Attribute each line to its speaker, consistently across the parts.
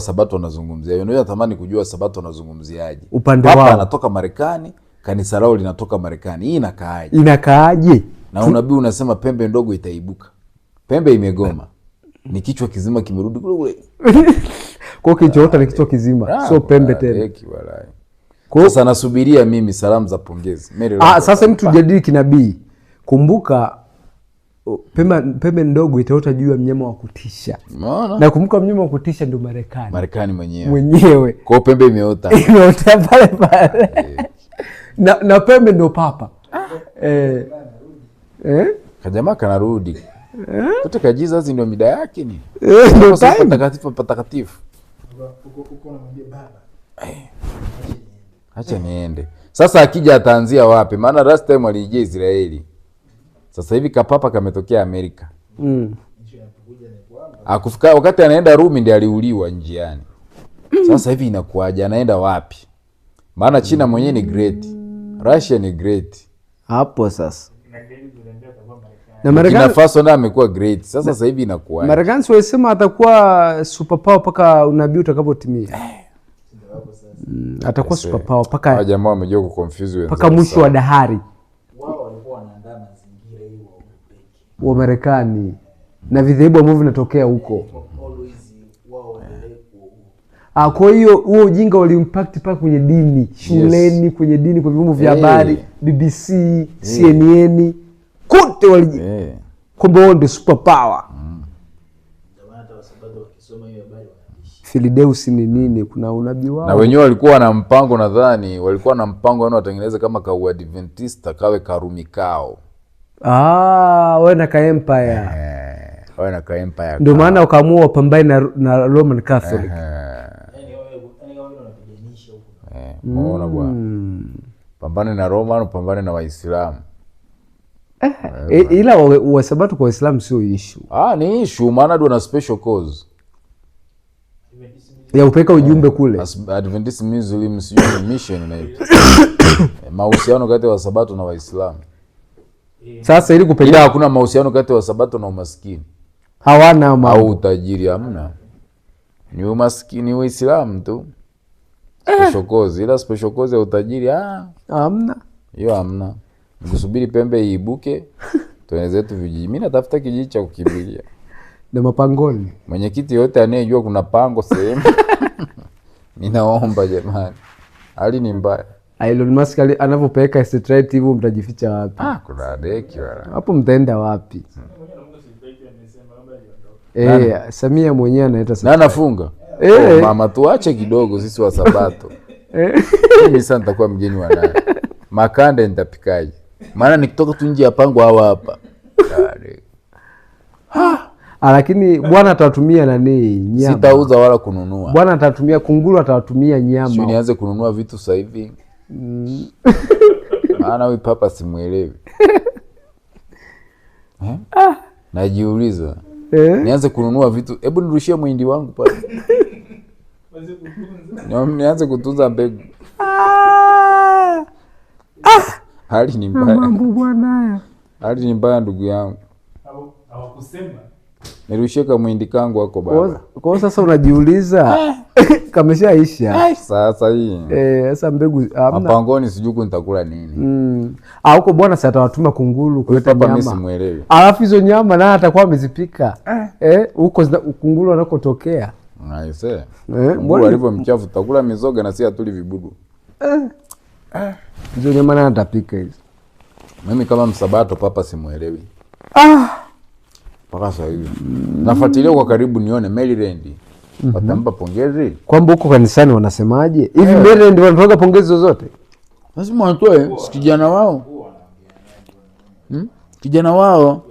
Speaker 1: Sabato wanazungumzia hiyo, natamani kujua Sabato wanazungumziaje
Speaker 2: upande wao. Hapa
Speaker 1: anatoka Marekani, kanisa lao linatoka Marekani, hii inakaaje?
Speaker 2: Inakaaje?
Speaker 1: na unabii unasema pembe ndogo itaibuka, pembe imegoma, ni kichwa kizima kimerudi kule kule
Speaker 2: kwa kilichoota ni kichwa kizima, sio pembe tena.
Speaker 1: Sasa nasubiria mimi salamu za pongezi.
Speaker 2: Ah, sasa mtu jadili kinabii, kumbuka pembe, pembe ndogo itaota juu ya mnyama wa kutisha. Umeona? Na kumbuka mnyama wa kutisha ndio Marekani.
Speaker 1: Marekani mwenyewe.
Speaker 2: Mwenyewe.
Speaker 1: Kwa pembe imeota.
Speaker 2: Imeota pale pale. Na, na pembe ndio papa. Ah. Eh.
Speaker 1: Eh? Kajamaa kanarudi. Eh? Kutoka kajiza hizi ndio mida yake ni.
Speaker 2: Eh, ndio time
Speaker 1: patakatifu patakatifu. Uko unamwambia baba. Eh. Acha niende. Sasa akija ataanzia wapi? Maana last time alijia Israeli. Sasa hivi kapapa kametokea Amerika mm. Akufika wakati anaenda Rumi ndi aliuliwa njiani. Sasa hivi inakuwaje? Anaenda wapi? Maana China mwenyewe ni great, Russia ni great
Speaker 2: hapo sasa,
Speaker 1: na Marekani Faso naye amekuwa great sasa. Sasa hivi inakuwaje?
Speaker 2: Marekani siwasema atakuwa superpower mpaka unabii utakapotimia. Eh. Mm, atakuwa superpower eh. mpaka
Speaker 1: jamaa wamejua kuconfuse
Speaker 2: mpaka mwisho wa dahari. wa Marekani na vidhehebu ambavyo vinatokea huko. Ah, kwa hiyo huo ujinga uliimpact mpaka kwenye dini shuleni, yes. Kwenye dini, kwa vyombo vya eh. habari hey. BBC hey. CNN kote wali hey. Eh. kwamba wao ndio super power Filideus ni nini? Kuna unabii wao, na
Speaker 1: wenyewe walikuwa na mpango, nadhani walikuwa na mpango, yani watengeneze kama kauadventista kawe karumi kao
Speaker 2: Ah, wewe ka Empire.
Speaker 1: Eh, wewe na Empire.
Speaker 2: Ndio maana ukaamua upambane na, na Roman Catholic. Yaani yaani
Speaker 1: eh, unaona bwana. Hmm. Pambane na Roman, upambane na Waislamu.
Speaker 2: Eh, eh, ila Wasabato kwa Waislamu sio issue.
Speaker 1: Ah, ni issue maana ndio na special cause.
Speaker 2: Ya upeka ujumbe eh, kule.
Speaker 1: Adventist Muslim Mission na eh, mahusiano kati ya Wasabato na Waislamu.
Speaker 2: Eh. Sasa ili kupeleka
Speaker 1: hakuna mahusiano kati ya sabato na umaskini, hawana au utajiri, hamna, ni umaskini, Uislamu tu eh. Speshokozi ila cause ya utajiri ah. hamna, hiyo hamna. Nikusubiri pembe iibuke, tuende zetu vijiji. Mi natafuta kijiji cha kukimbilia
Speaker 2: na mapangoni.
Speaker 1: Mwenyekiti yote anayejua kuna pango sehemu, ninaomba jamani, hali ni mbaya.
Speaker 2: Ah, Elon Musk anavyopeleka satellite hivyo, mtajificha wapi?
Speaker 1: Ah, kuna deki wala
Speaker 2: hapo, mtaenda wapi? Hmm. Eh, Samia mwenyewe anaita
Speaker 1: satellite na anafunga. Eh, oh, mama tuache kidogo sisi wa Sabato. Eh. Mimi sasa nitakuwa mgeni wa nani? Makande nitapikaje? Maana nikitoka tu nje ya pango hawa hapa. Ha,
Speaker 2: ah, ah, lakini bwana atatumia nani? Nyama.
Speaker 1: Sitauza wala kununua.
Speaker 2: Bwana atatumia kunguru, atatumia nyama. Sio
Speaker 1: nianze kununua vitu sasa hivi. Mm. maana huyu papa simwelewi ah. Eh? Najiuliza eh? Nianze kununua vitu, hebu nirushie mwindi wangu pa nianze kutunza mbegu ah. ah. Hali ni
Speaker 2: mbaya,
Speaker 1: hali ni mbaya ndugu yangu. Hawakusema nirushie kamwindi kangu wako baba.
Speaker 2: Kwa sasa unajiuliza eh. kameshaisha eh,
Speaker 1: sasa hii
Speaker 2: eh, sasa mbegu
Speaker 1: mapangoni, sijuku nitakula nini mm.
Speaker 2: Ah, huko bwana sasa atawatuma kunguru kuleta nyama, mimi
Speaker 1: simuelewi.
Speaker 2: Alafu hizo nyama na atakuwa amezipika eh, eh huko kunguru wanakotokea
Speaker 1: aise, mbona alivyo mchafu, tutakula mizoga na si atuli vibudu
Speaker 2: hizo nyama na atapika hizo.
Speaker 1: Mimi kama msabato papa simuelewi ah mpaka sasa hivi mm. nafuatilia kwa karibu nione Maryland mm -hmm. watampa pongezi
Speaker 2: kwamba huko kanisani wanasemaje hivi yeah. Maryland wanatoa pongezi zozote
Speaker 1: lazima watoe kijana wao hmm? kijana wao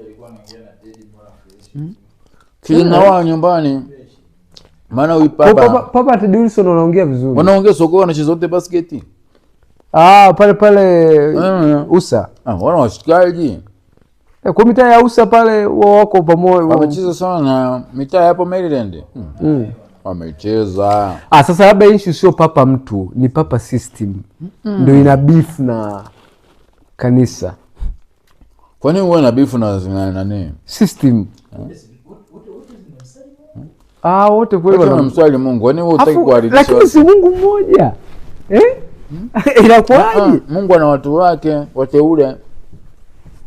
Speaker 1: hmm? kijana wao nyumbani maana huyu papa papa,
Speaker 2: papa Atidilson wanaongea vizuri
Speaker 1: wanaongea soko wanacheza wote basketi
Speaker 2: ah pale pale mm. usa
Speaker 1: ah, wana washikaji
Speaker 2: E, Kwa mitaa ya Usa pale wao wako pamoja.
Speaker 1: Wamecheza sana na mitaa hapo Maryland. Hmm. Mm. Wamecheza.
Speaker 2: Ah, sasa labda issue sio papa mtu, ni papa system. Mm. Ndio ina beef na kanisa.
Speaker 1: Kwa nini uwe na beef na zina nani?
Speaker 2: System. hmm? Ah, wote kweli wana
Speaker 1: mswali Mungu. Yaani wewe utaki kuharibu.
Speaker 2: Lakini si Mungu mmoja. Eh? Hmm? Inakuwaje? Ah,
Speaker 1: Mungu ana watu wake wateule.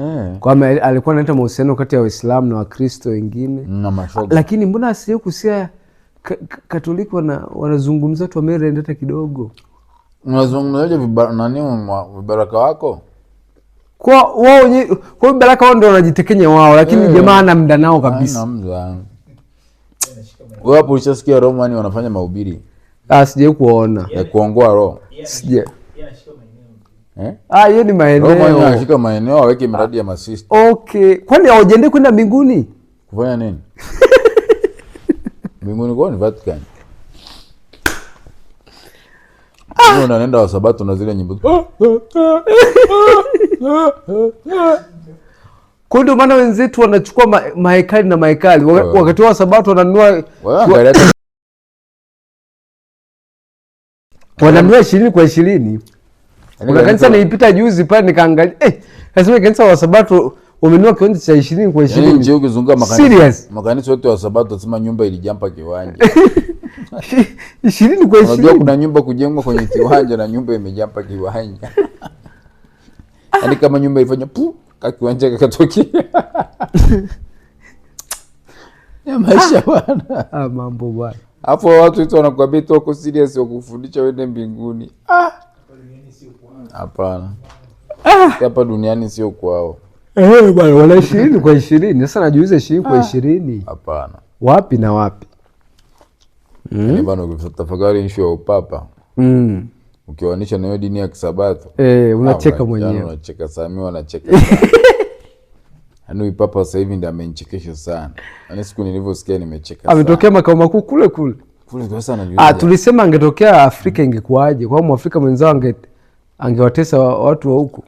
Speaker 2: Eh. Kwamba alikuwa naleta mahusiano kati ya Waislamu na Wakristo wengine na lakini mbona asili kusia Katoliki wanazungumza wana tu wamerendeta kidogo,
Speaker 1: unazungumzaje nani vibaraka wako
Speaker 2: kwa vibaraka wao ndo wanajitekenya wao, lakini eh. Jamaa ana mda nao kabisa.
Speaker 1: Wewe hapo ulishasikia Romani yaani wanafanya maubiri
Speaker 2: ah, sijai kuona eh,
Speaker 1: kuongoa roho.
Speaker 2: Eh? Ah, hiyo eh? Ni maeneo Roma ashika
Speaker 1: maeneo aweke miradi ya masista.
Speaker 2: Okay, kwani hawajende kwenda mbinguni
Speaker 1: kufanya nini? mbinguni kwa ni Vatican. Ah. naenda wa Sabato na zile nyimbo ah!
Speaker 2: Kundi ndio maana wenzetu wanachukua ma mahekali na mahekali wakati wa Sabato wananua wananunua ishirini kwa ishirini. Yaani kuna kanisa nilipita juzi pale nikaangalia, eh, nasema kanisa wa Sabato umenua kiwanja cha ishirini kwa 20. Yaani ukizunguka makanisa.
Speaker 1: Makanisa yote wa Sabato nasema nyumba ilijampa kiwanja.
Speaker 2: ishirini kwa ishirini. Unajua
Speaker 1: kuna nyumba kujengwa kwenye kiwanja na nyumba imejampa kiwanja. Yaani kama nyumba ifanya pu, kakiwanja kakatokea. Ya maisha ah! bwana.
Speaker 2: Ah, mambo bwana.
Speaker 1: Hapo watu wetu wanakuambia tu wako serious wakufundisha wende mbinguni. Ah. Hapana, ah. hapa duniani sio kwao
Speaker 2: eh, bwana. Wana ishirini kwa ishirini. Sasa najiuliza ishirini kwa ah. ishirini, hapana, wapi na wapi?
Speaker 1: Hmm? Yaani tafakari nshu ya upapa hmm. ukiwanisha na hiyo dini ya Kisabato,
Speaker 2: eh, unacheka ah, mwenyewe,
Speaker 1: unacheka sami wanacheka Yaani huyu papa sasa hivi ndiye amenichekesha sana. Yaani siku nilivyosikia nimecheka sana.
Speaker 2: Ametokea makao makuu kule kule.
Speaker 1: Kule kwa sana.
Speaker 2: tulisema angetokea Afrika ingekuwaje? Kwa hiyo Mwafrika mwenzao ange angewatesa watu wa huku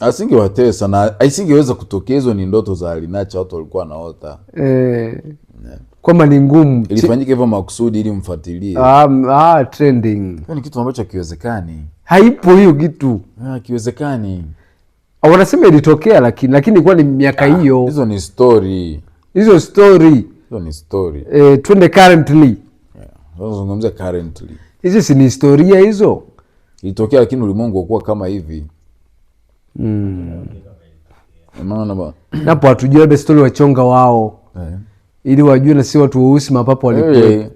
Speaker 1: asingewatesa na aisingeweza kutokea. Hizo ni ndoto za Alinacha, watu walikuwa naota e, eh,
Speaker 2: yeah. kwamba ni ngumu,
Speaker 1: ilifanyika hivyo makusudi ili mfuatilie
Speaker 2: um, ah, trending. Ni yaani
Speaker 1: kitu ambacho hakiwezekani,
Speaker 2: haipo hiyo kitu
Speaker 1: ah, hakiwezekani.
Speaker 2: Ah, wanasema ilitokea lakini lakini ilikuwa ni miaka ah, hiyo ah, hizo
Speaker 1: ni story,
Speaker 2: hizo story,
Speaker 1: hizo ni story.
Speaker 2: eh, twende currently,
Speaker 1: yeah. Zungumza currently,
Speaker 2: hizi si ni historia hizo
Speaker 1: ilitokea, lakini ulimwengu wakuwa kama hivi mm.
Speaker 2: napo hatujui labda stori wachonga wao eh, ili wajue nasi watu weusi mapapo walikuwa eh.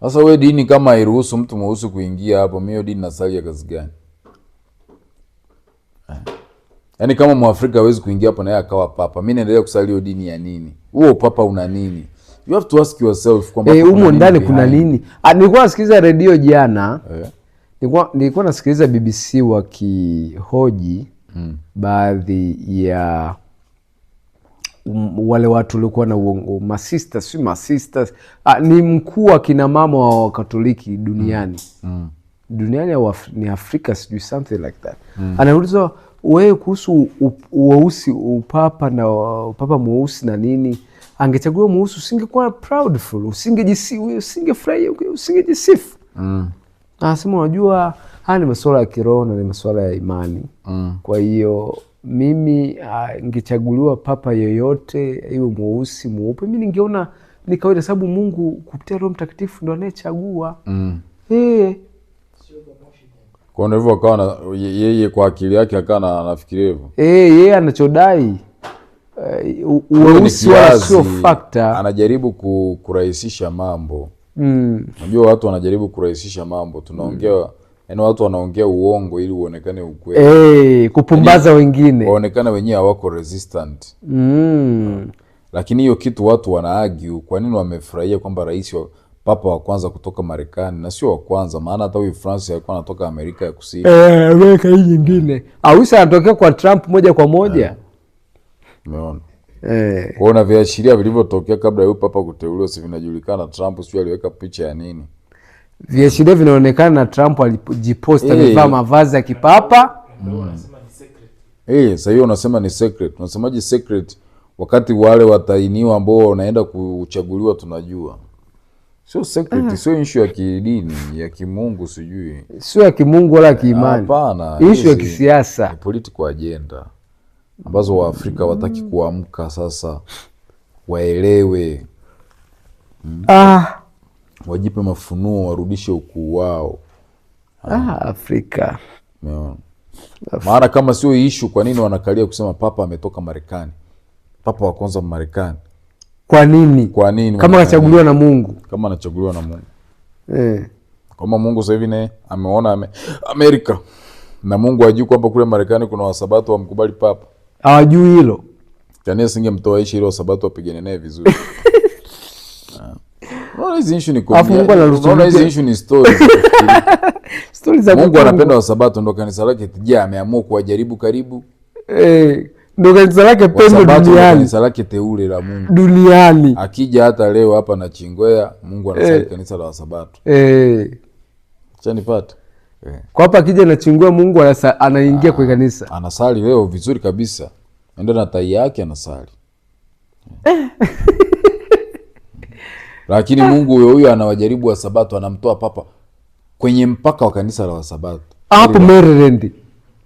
Speaker 1: sasa. We dini kama hairuhusu mtu mweusi kuingia hapo, mimi dini nasalia kazi gani? eh. Yaani kama Mwafrika awezi kuingia hapo naye akawa papa, mi naendelea kusali hiyo dini ya nini? Huo papa una nini? You have to ask yourself
Speaker 2: kwamba eh, humo ndani kuna nini? Ah, nilikuwa nasikiliza redio jana yeah. Nilikuwa, nilikuwa nasikiliza BBC wakihoji mm. baadhi ya um, wale watu waliokuwa na uongo masista si masista ah, ni mkuu wa kinamama wa Wakatoliki duniani mm. Mm. duniani ya Af ni Afrika sijui something like that mm. anaulizwa wewe kuhusu weusi upapa na upapa mweusi na nini, angechaguliwa mweusi usingekuwa proudful, usingejisi usingefurahi usingejisifu mm. Anasema unajua, haya ni masuala ya kiroho na ni masuala ya imani mm. Kwa hiyo mimi ah, ningechaguliwa papa yoyote, iwe mweusi mweupe, mi ningeona ni kawaida, sababu Mungu kupitia Roho Mtakatifu ndo anayechagua mm. hey. Eh.
Speaker 1: Kwa hivyo akawa yeye kwa akili yake akawa anafikiria hivyo
Speaker 2: eh, yeye anachodai eh, weusi wala sio fakta,
Speaker 1: anajaribu kurahisisha mambo Mm. Unajua mm. watu wanajaribu kurahisisha mambo tunaongea mm. Yaani watu wanaongea uongo ili uonekane ukweli.
Speaker 2: Hey, eh, kupumbaza yani, wengine
Speaker 1: waonekane wenyewe hawako resistant mm. Lakini hiyo kitu watu wana argue, kwa nini wamefurahia kwamba rais wa papa wa kwanza kutoka Marekani na sio wa kwanza, maana hata huyu Francis alikuwa anatoka Amerika ya Kusini.
Speaker 2: Eh, Amerika hii nyingine. Au ah, anatokea kwa Trump moja kwa moja. Eh.
Speaker 1: Umeona? eh. Kwa viashiria vilivyotokea kabla ya papa kuteuliwa, si vinajulikana? Trump sio aliweka picha ya nini,
Speaker 2: viashiria vinaonekana na Trump alijiposta eh, amevaa mavazi ya kipapa mm.
Speaker 1: Eh, sasa hiyo unasema ni secret, unasemaje secret wakati wale watainiwa ambao wanaenda kuchaguliwa tunajua sio secret, ah. sio issue ya kidini ya kimungu, sijui
Speaker 2: sio ya kimungu wala kiimani.
Speaker 1: Hapana,
Speaker 2: issue ya kisiasa,
Speaker 1: political agenda ambazo Waafrika wataki mm. kuamka sasa, waelewe mm. ah. wajipe mafunuo, warudishe ukuu wao
Speaker 2: ah, Afrika yeah.
Speaker 1: Maana kama sio ishu, kwa nini wanakalia kusema papa ametoka Marekani? Papa wa kwanza Marekani
Speaker 2: kwa nini? Kwa nini kama anachaguliwa na Mungu,
Speaker 1: kama anachaguliwa na Mungu eh, kama Mungu sahivi naye ameona ame, Amerika na Mungu ajui kwamba kule Marekani kuna wasabato wamkubali papa
Speaker 2: hawajui hilo.
Speaker 1: Tanzania singemtoa Aishi hilo Sabato apigane naye vizuri. Ah. Mungu anapenda ndo kanisa lake tija ameamua kuwajaribu karibu. Eh,
Speaker 2: ndo kanisa lake pendo
Speaker 1: lake teule la Mungu.
Speaker 2: Duniani.
Speaker 1: Akija hata leo hapa na Chingwea, Mungu anasali eh. kanisa la Wasabato. Eh. Chanipata.
Speaker 2: Yeah. Kwa hapa akija anachungua Mungu anaingia ah, kwa kanisa.
Speaker 1: Anasali leo vizuri kabisa. Enda na tai yake anasali. Lakini ah. Mungu huyo huyo anawajaribu wa Sabato anamtoa papa kwenye mpaka wa kanisa la Wasabato.
Speaker 2: Hapo Maryland.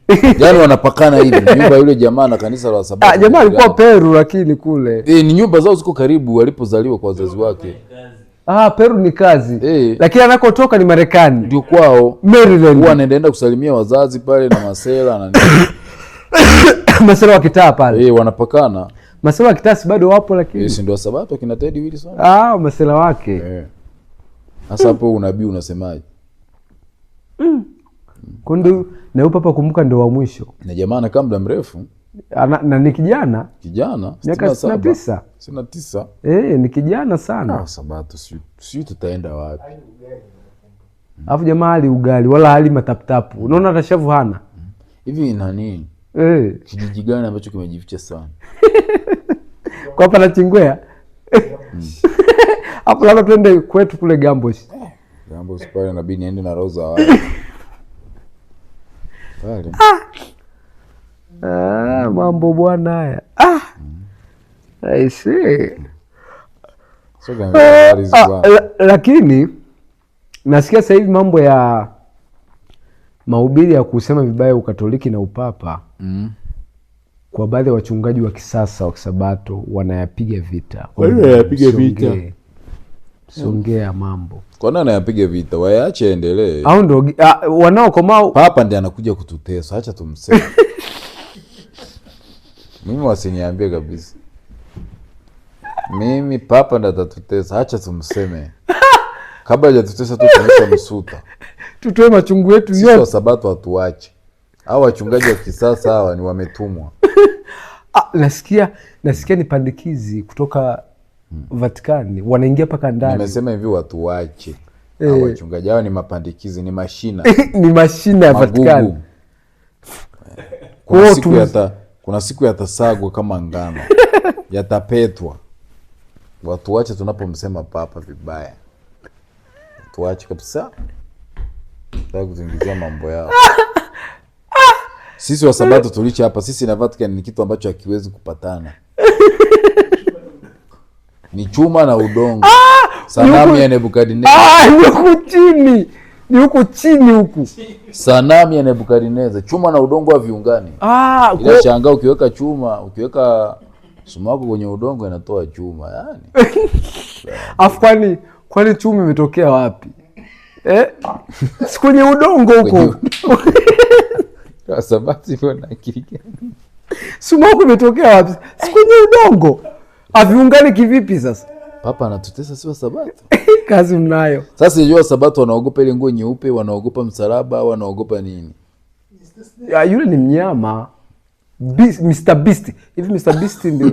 Speaker 1: Yaani wanapakana hivi nyumba yule jamaa na kanisa la Wasabato.
Speaker 2: Ah, jamaa alikuwa Peru lakini kule.
Speaker 1: Eh, ni nyumba zao ziko karibu alipozaliwa kwa wazazi wake.
Speaker 2: Ah, Peru ni kazi hey. Eh. Lakini anakotoka ni Marekani,
Speaker 1: ndio kwao Maryland. Huwa anaenda kusalimia wazazi pale na masela na
Speaker 2: masela wakitaa pale hey,
Speaker 1: eh, wanapakana
Speaker 2: masela wakitaa, si bado wapo, lakini yes,
Speaker 1: eh, ndio Sabato kina Teddy Wilson
Speaker 2: ah, masela wake
Speaker 1: sasa hey. Hapo unabii unasemaje?
Speaker 2: mm. Kundu na upapa kumbuka, ndio wa mwisho
Speaker 1: na jamaa anakaa muda mrefu
Speaker 2: ana, na ni kijana kijana miaka sitini na tisa
Speaker 1: sitini na tisa
Speaker 2: e, ni kijana sana. Ah,
Speaker 1: Sabato sijui tutaenda wapi? Hmm.
Speaker 2: Alafu jamaa ali ugali wala ali mataputapu, unaona hata shavu hana hmm.
Speaker 1: hivi. Nani eh. kijiji gani ambacho kimejificha sana
Speaker 2: kwa hapa na Chingwea hmm. hapo? Labda twende kwetu kule Gambos eh,
Speaker 1: Gambos pale nabidi niende na roza
Speaker 2: ah. Ah, mambo bwana haya. Ah. I see.
Speaker 1: So, ah,
Speaker 2: ah, lakini nasikia sasa hivi mambo ya mahubiri ya kusema vibaya ukatoliki na upapa mm. Kwa baadhi ya wachungaji wa kisasa wa kisabato wanayapiga vita.
Speaker 1: wanayapiga vita?
Speaker 2: Songea mambo.
Speaker 1: Kwa anayapiga vita? Waache endelee.
Speaker 2: au ndo ah, wanaokomaa.
Speaker 1: Papa ndi anakuja kututesa, acha tumseme Mimi wasiniambie kabisa, mimi papa ndo atatutesa. Hacha tumseme kabla ajatutesa tu, tuonyesha msuta,
Speaker 2: tutoe machungu yetu yote.
Speaker 1: Sisi Sabato hatuache. au wachungaji wa kisasa hawa ni wametumwa.
Speaker 2: Ah, nasikia nasikia ni pandikizi kutoka hmm, Vatikani wanaingia mpaka ndani. Nimesema
Speaker 1: hivi watu wache eh, wachungaji hawa ni mapandikizi, ni mashina
Speaker 2: ni mashina ya Vatikani.
Speaker 1: kwa siku ta... Kuna siku yatasagwa kama ngano, yatapetwa. Watu wache tunapomsema papa vibaya, watuwache kabisa a kuzingizia mambo yao. Sisi Wasabato tulicha hapa, sisi na Vatican ni kitu ambacho hakiwezi kupatana, ni chuma na udongo. Ah, Sanamu ya Nebukadnezar
Speaker 2: ah, chini ni huku chini huku,
Speaker 1: sanamu ya Nebukadineza, chuma na udongo wa viungani. Ah, ila shanga ukiweka chuma, ukiweka sumaku kwenye udongo inatoa chuma yani.
Speaker 2: Afu kwani kwani chuma imetokea wapi eh? kwenye udongo huko
Speaker 1: sabati
Speaker 2: sumaku imetokea wapi? si kwenye udongo, aviungani ah, kivipi sasa?
Speaker 1: Papa anatutesa sio Sabato.
Speaker 2: Kazi mnayo
Speaker 1: sasa. hiyo Sabato wanaogopa ile nguo nyeupe, wanaogopa msalaba, wanaogopa nini?
Speaker 2: Ya, yule ni mnyama Beast, Mr. Beast. Hivi Mr. Beast ndio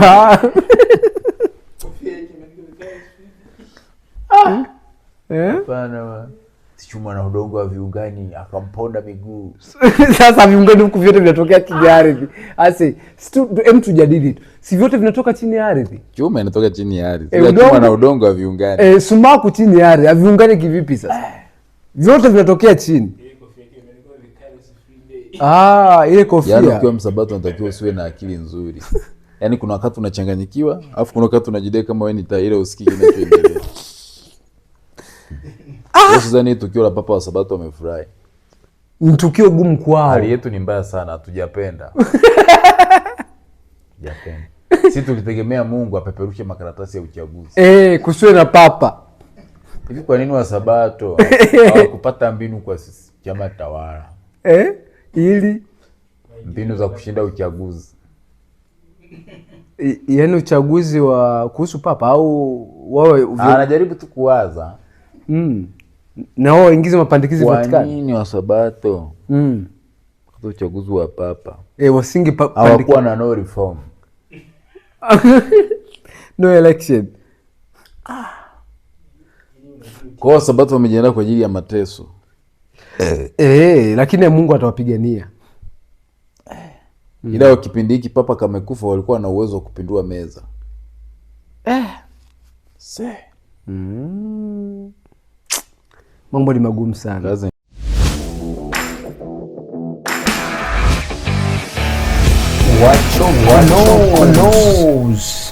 Speaker 2: ah.
Speaker 1: Hmm? Eh? sichuma na udongo wa viungani akamponda miguu.
Speaker 2: Sasa viungani huku vyote vinatokea chini ya ardhi. Ase, em tujadili tu. Si vyote vinatoka chini ya ardhi?
Speaker 1: Chuma inatoka chini ya ardhi. E, chuma na udongo wa viungani. e,
Speaker 2: eh, sumaku chini ya ardhi, viungani kivipi sasa? Eh. Vyote vinatokea chini. Ah, ile kofia. Yaani ukiwa
Speaker 1: msabato unatakiwa usiwe na akili nzuri. Yaani kuna wakati unachanganyikiwa, alafu kuna wakati unajidai kama wewe ni taira usikike kinachoendelea. Ah! Sidhani tukio la Papa wa Sabato wamefurahi.
Speaker 2: Ni tukio gumu kwao. Hali
Speaker 1: yetu ni mbaya sana, hatujapenda. Hatujapenda. tulitegemea Mungu apeperushe makaratasi ya uchaguzi.
Speaker 2: Eh, kusiwe na papa.
Speaker 1: Hivi kwa nini wa Sabato mbinu kwa sisi chama tawala?
Speaker 2: Eh, ili
Speaker 1: mbinu za kushinda uchaguzi.
Speaker 2: Yaani uchaguzi wa kuhusu papa au wawe
Speaker 1: ah, anajaribu tu kuwaza. Mm
Speaker 2: na wao waingize mapandikizi Vatikani. Kwa
Speaker 1: nini Wasabato mm. katika uchaguzi wa papa e, eh, wasingi pa, na no reform
Speaker 2: no election ah.
Speaker 1: Kwa Wasabato wamejiandaa kwa ajili ya mateso
Speaker 2: eh. Eh, lakini Mungu atawapigania
Speaker 1: eh. ila mm. kipindi hiki papa kamekufa, walikuwa na uwezo wa kupindua meza
Speaker 2: eh. mm mambo ni magumu sana Kazi. Watch your, watch your